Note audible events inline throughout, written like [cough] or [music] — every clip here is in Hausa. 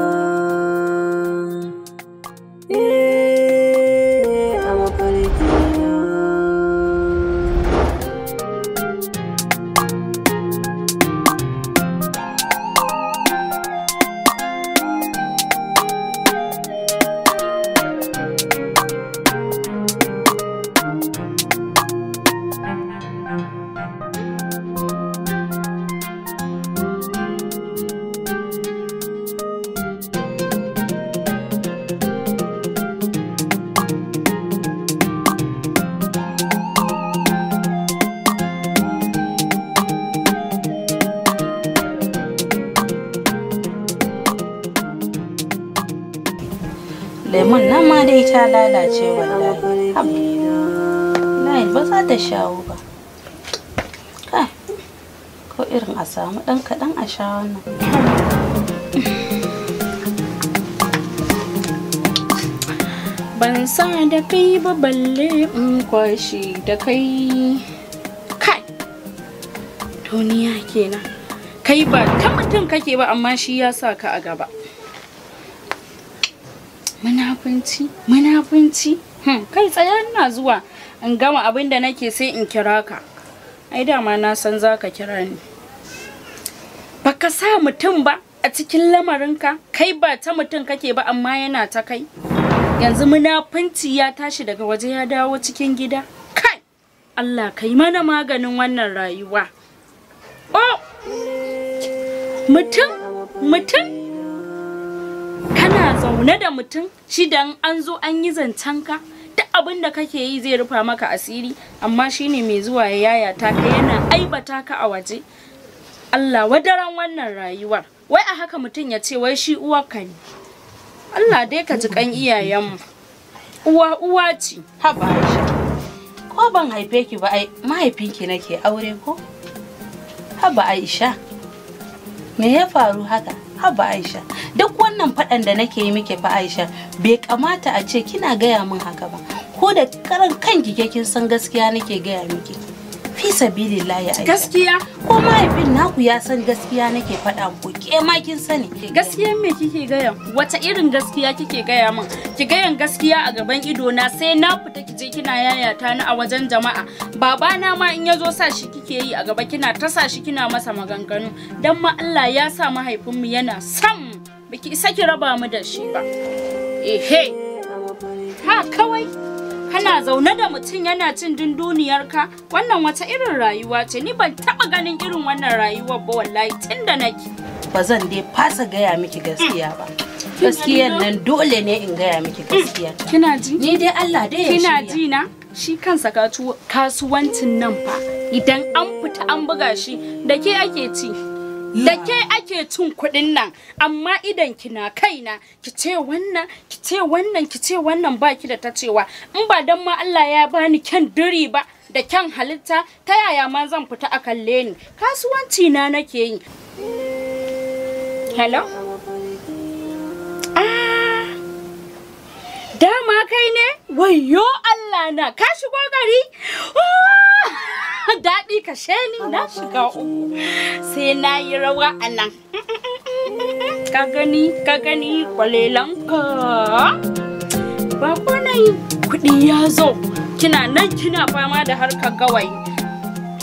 Oh. dai ta lalace wallahi ba za ta shawo ba ko irin a samu dan kaɗan a sha wannan ban sa da kai ba balle in kwashi da kai kai duniya kenan kai ba ta mutum kake ba amma shi ya sa ka a gaba Munafunci? Munafunci? Hmm, kai tsaye ina zuwa in gama abin da nake sai in kira ka. Ai dama na san za ka kira ni. Baka sa mutum ba a cikin lamarinka, kai ba ta mutum kake ba amma yana ta kai. Yanzu munafunci ya tashi daga waje ya dawo cikin gida. Kai! Allah kai mana maganin wannan rayuwa. Oh! Mutum! Mutum! zaune da mutum shi dan an zo an yi ka duk abin da kake yi zai rufa maka asiri amma shine mai zuwa ya ta ka yana aibata ka a waje Allah wadaran wannan rayuwar wai a haka mutum ya ce wai shi ka ne Allah dai ka ji kan iyayenmu uwa uwa ce haba ko ban haife ki ba ai mahaifinki nake aure ko haba Aisha me ya faru haka haba aisha duk wannan faɗan da nake yi miki fa aisha bai kamata a ce kina gaya min haka ba ko da karan kanki kin san gaskiya nake gaya miki fi sabili layi aiki gaskiya ko mahaifin naku ya san gaskiya nake faɗa muku ke ma kin sani gaskiya me kike gaya wata irin gaskiya kike gaya min ki gayan gaskiya a gaban ido na sai na fita je kina yaya ta ni a wajen jama'a babana ma in yazo sa shi kike yi a gaba kina ta sa shi kina masa maganganu dan ma Allah ya sa mu yana sam biki isa ki raba mu da shi ba ehe ha kawai kana zaune da mutum yana cin dunduniyar ka wannan wata irin rayuwa ce ni ban taba ganin irin wannan rayuwar ba wallahi tun nake ba zan dai fasa gaya miki gaskiya ba gaskiyan nan dole ne in gaya miki mm. gaskiya kina ji ni dai Allah dai ya kina ji na shi kansa kasuwancin nan fa idan an fita an buga shi da ke ake ci da ke ake cin kuɗin nan amma idan kina kaina ki ce wannan ki ce wannan ki ce wannan baki da ta cewa in ba dan ma Allah ya bani kyan duri ba da kyan halitta ta yaya ma zan fita a kalle ni kasuwanci na nake yi hello ah! dama kai ne wayo Allah na ka shigo gari ah! [laughs] daɗi ka ni na shiga uku sai na yi rawa a nan [laughs] ka gani ka gani kwalelanka ba kwanayi kuɗi ya zo kina nan kina fama da harkar gawayi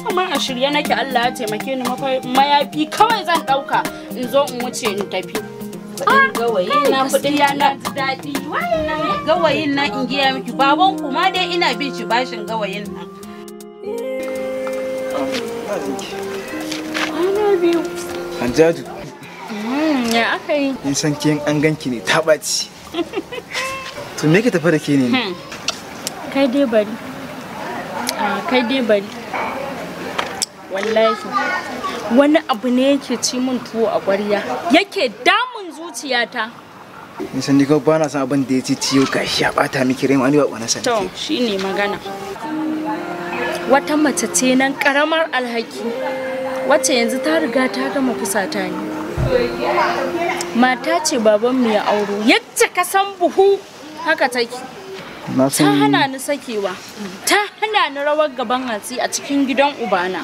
amma a shirye nake Allah ya taimake ni mayafi kawai zan ɗauka in zo in wuce in tafi ah, gawayin na kudin ya na daɗi gawayin na in giya miki baban kuma dai ina bin shi bashin gawayin nan Hmm, ya aka ta ɓaci. To me tafi da ke ne? Hmm. Kai dai bari. Ah, kai dai bari. Wallahi. Wani abu ne yake ci min tuwo a ƙwarya. Yake damun zuciyata. In san ni ba na san abin da ya ci ciwo gashi ya ɓata miki rai wani ba wani san. To shine magana. wata mace ce nan karamar alhaki wacce yanzu ta riga ta gama fusata ne mata ce baban mu ya auro yadda ka san buhu haka take ta hana ni sakewa ta hana ni rawar gaban hatsi a cikin gidan ubana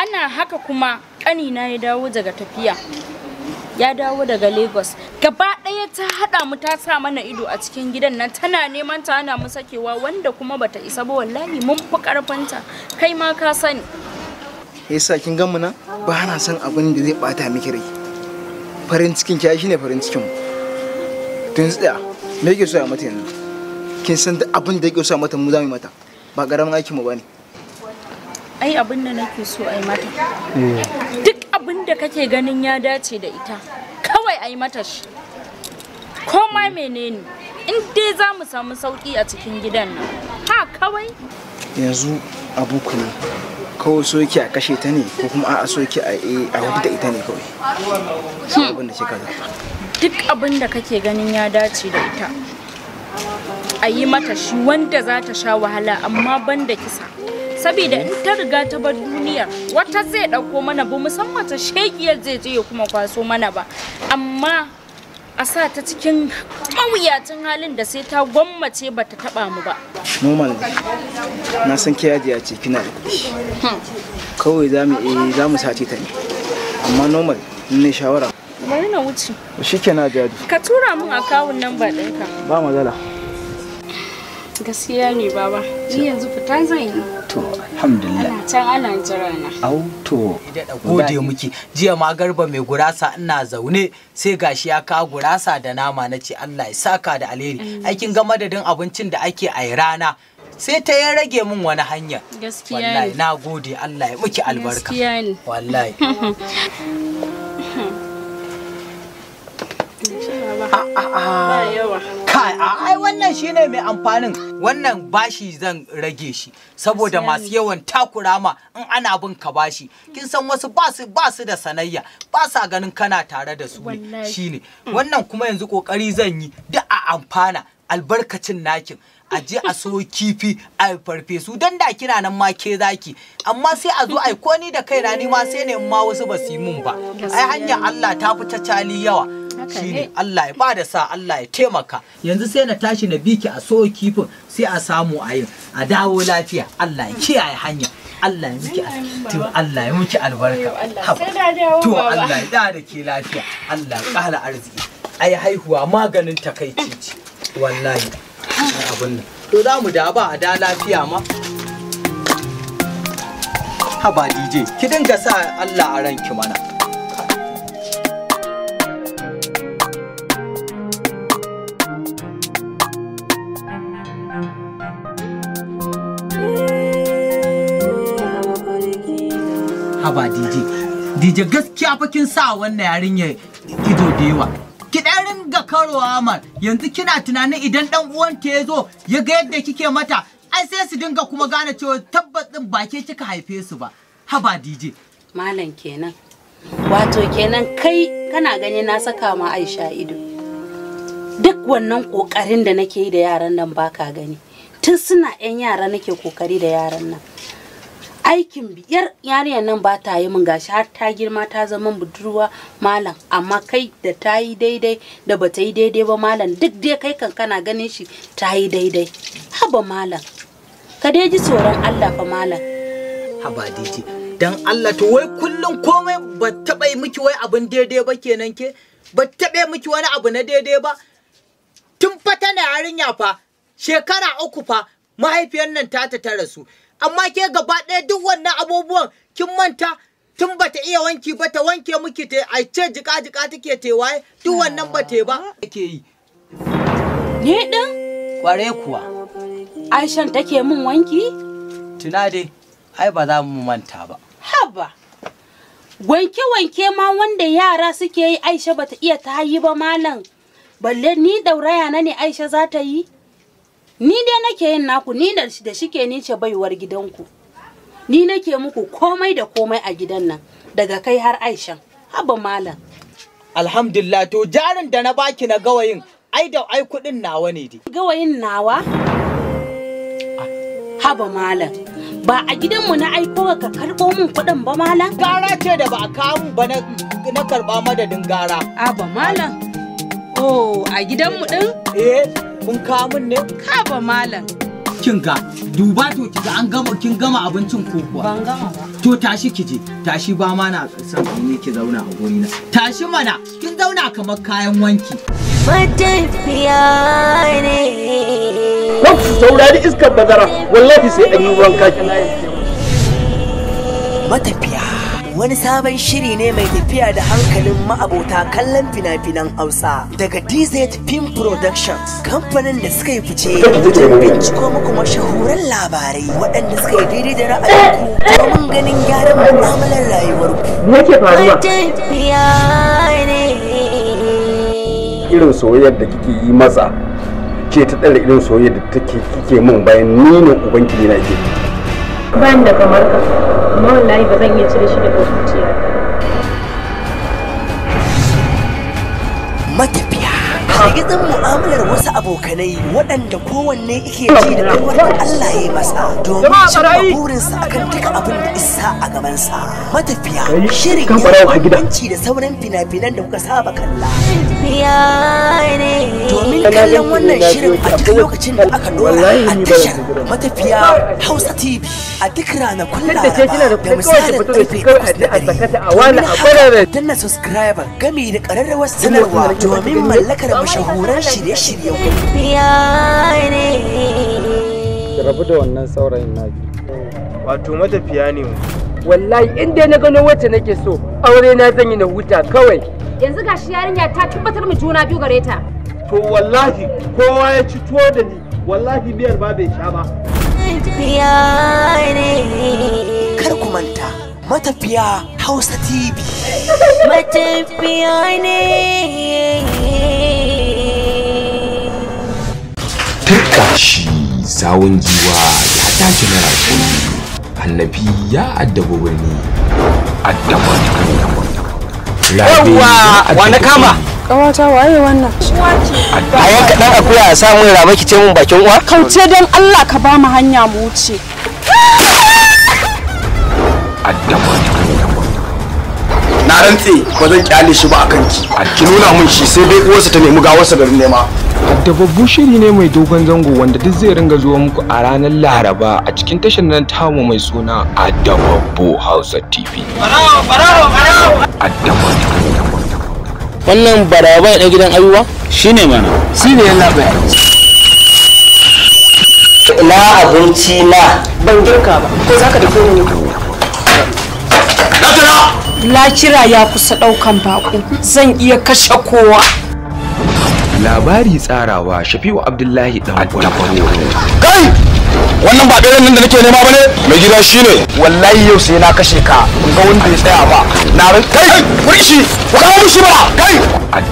ana haka kuma ƙanina ya dawo daga tafiya ya dawo daga Lagos. Gaba ɗaya ta haɗa mu ta sa mana ido a cikin gidan nan tana neman ta ana mu sakewa wanda kuma bata isa ba wallahi mun fi ƙarfinta kai ma ka sani. Yasa kin gan mu nan ba na son abin da zai bata miki rai. Farin cikin ki shine farin cikin mu. Tun tsaya me yake so ya mata yanzu? Kin san da abin da yake so mata mu za mu mata. Ba ƙaramin aikin mu bane. Ai abin da nake so ai mata. Eh. abin da kake ganin ya dace da ita kawai a yi mata shi koma menene in dai za mu samu sauki a cikin gidan nan ha kawai yanzu aboku kawai so a kashe ta ne ko kuma a a yake a da ita ne kawai abin da kaza duk abin da kake ganin ya dace da ita a yi mata shi wanda za ta sha wahala amma ban da kisa saboda in ta riga ta bar duniyar wata zai dauko mana ba musamman ta shekiyar zai je kuma kwaso mana ba amma a sa ta cikin mawuyacin halin da sai ta gwammace ba ta taɓa mu ba normal na san ke ajiya ce kina da kuɗi hmm. kawai za mu eh za mu sace ta ne amma normal ne shawara bari na wuce shi ke na jadi ka tura min kawun nan ba ɗinka ba mazala gaskiya ne baba ni yanzu fitan zan yi to alhamdulillah ana can ana jira na au to gode muke jiya ma garba mai gurasa ina zaune sai gashi ya kawo gurasa da nama na Allah ya saka da alheri mm. aikin ga madadin abincin da ake a rana sai ta ya rage min wani hanya gaskiya wallahi na gode Allah ya muke albarka wallahi ne wallahi a'a [laughs] ah, ah, ah. kai ai wannan shine mai amfanin wannan bashi zan rage shi saboda masu yawan takurama in ana bin ka bashi kin san wasu ba su da sanayya ba sa ganin kana tare da su ne shine wannan kuma yanzu kokari zan yi duk a amfana albarkacin nakin a je a so kifi a farfesu don da kina nan ma ke zaki amma sai a zo ai ko ni da kaina ni ma sai ne ma wasu ba su yi mun ba ai hanya Allah ta fita cali yawa shine Allah ya ba da sa Allah ya taimaka yanzu sai na tashi na biki a so kifin sai a samu a yin a dawo lafiya Allah ya kiyaye hanya Allah ya miki to Allah ya miki albarka to Allah ya da ke lafiya Allah ya kara arziki ai haihuwa maganin takaici ce wallahi abun nan to za mu da ba a da lafiya ma haba DJ ki dinga sa Allah a ranki mana haba DJ. DJ gaskiya fa kin sa wannan yarinya ido da yawa. Ki ɗan ringa karowa man yanzu kina tunanin idan ɗan uwanta ya zo ya ga yadda kike mata ai sai su dinga kuma gane cewa tabbas ɗin ba ke kika haife su ba. Haba DJ. Malam kenan. Wato kenan kai kana gani na saka ma Aisha ido. Duk wannan kokarin da nake yi da yaran nan baka gani. Tun suna 'yan yara nake kokari da yaran nan. aikin biyar yarinyar nan ba ta yi min gashi har ta girma ta zama budurwa malam amma kai da ta yi daidai da ba ta yi daidai ba malam duk dai kai kan kana ganin shi ta yi daidai haba malam ka dai ji tsoron Allah fa malam haba daidai dan Allah to wai kullum komai ba taɓa yi miki wai abin daidai ba kenan ke ba taɓa miki wani abu na daidai ba tun fa tana yarinya fa shekara uku fa mahaifiyar nan tata ta rasu amma ke gaba ɗaya duk wannan abubuwan kin manta tun ba ta iya wanki ba ta wanke miki ta a ce jika jika take waye duk wannan ba ta ba take yi ne din kware kuwa aishan take min wanki tuna dai ai ba za mu manta ba haba wanke wanke ma wanda yara suke yi aisha ba ta iya ta yi ba malam balle ni dauraya na ne aisha za ta yi ni dai nake yin naku ni da shike ni ce baiwar gidanku ni nake muku komai da komai a gidan nan daga kai har Aisha, haba malam alhamdulillah to jarin da na baki na gawayin ai da ai kudin nawa ne dai gawayin nawa haba malam ba a gidanmu na aiko ka karbo min kudin ba malam gara ce da ba a kawo ba na na karba madadin gara haba malam oh a gidanmu din eh Kun kawo min ne? Kaba malam. Kin ga duba to kiga an gama kin gama abincin ko kuwa? Ban gama ba. To tashi kije, tashi ba ma na son ni ki zauna a guri na. Tashi mana, kin zauna kamar kayan wanki. Matafiya ne. Wuf, saurari iskar bazara, wallahi sai an yi wanka kina Matafiya. wani sabon shiri ne mai tafiya da hankalin ma'abota kallon fina-finan Hausa daga DZ Film Productions kamfanin da suka yi fice da binciko muku mashahuran labarai waɗanda suka yi daidai da ra'ayinku domin ganin gyaran mu'amalar rayuwarku. Me ke faruwa? Irin soyayyar da kike yi masa ke ta ɗara irin soyayyar da take kike min bayan nuna ubangiji na ke. Ban da kamar ka. amma wallahi ba zan iya cire shi da daga ba hargitsin mu'amalar wasu abokanai waɗanda kowanne ike ji da ɗanwar da Allah ya masa domin cimma burinsa akan duka abin da isa a gabansa matafiya shirin yawanci da sauran fina-finan da kuka saba kalla domin kallon wannan shirin a duk lokacin da aka dora a tashar matafiya hausa tv a duk ranakun laraba da misalin ƙarfe takwas na dare domin haka danna subscriber gami da ƙararrawar sanarwa domin mallakar mashahurar Hura shirye-shiryen ku. rabu da wannan saurayin naki. Wato matafiya ne mu. Wallahi in dai na gano wacce nake so aure na zan yi na huta kawai. Yanzu gashi yarinya ta tabbatar mu juna biyu gare ta. To wallahi kowa ya ci tuwo da ni wallahi biyar ba bai sha ba. Kar ku manta matafiya Hausa TV. Matafiya ne. Kashi, sawun jiwa ya tashi na rakuni annabi ya addabo birni addabo yawa wani kama kawata waye wannan a yanka dan akuya a samun rama ki ce mun bakin uwa kauce don Allah ka ba mu hanya mu wuce addabo na rantse ba zan kyale shi ba akan ki ki nuna mun shi sai dai uwarsa ta nemi gawarsa garin nema dababbu shiri ne mai dogon zango wanda duk zai ringa zuwa muku a ranar laraba a cikin tashar nan tamu mai suna a hausa tv wannan baraba ya gidan ayuwa shine mana Shi ne yana bayani na abinci na ban girka ba ko zaka da kone ne Lakira ya kusa ɗaukan baƙo zan iya kashe kowa. labari tsarawa shafi'u abdullahi dan kai wannan ba ɓeren nan da nake nema bane mai gida shine wallahi yau sai na kashe ka kun ga wanda ya tsaya ba na ran kai kuri shi ku kawo shi ba kai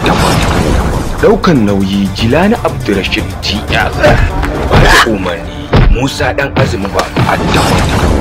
daukan nauyi jilani abdurashid ts umarni musa dan azumi ba addabar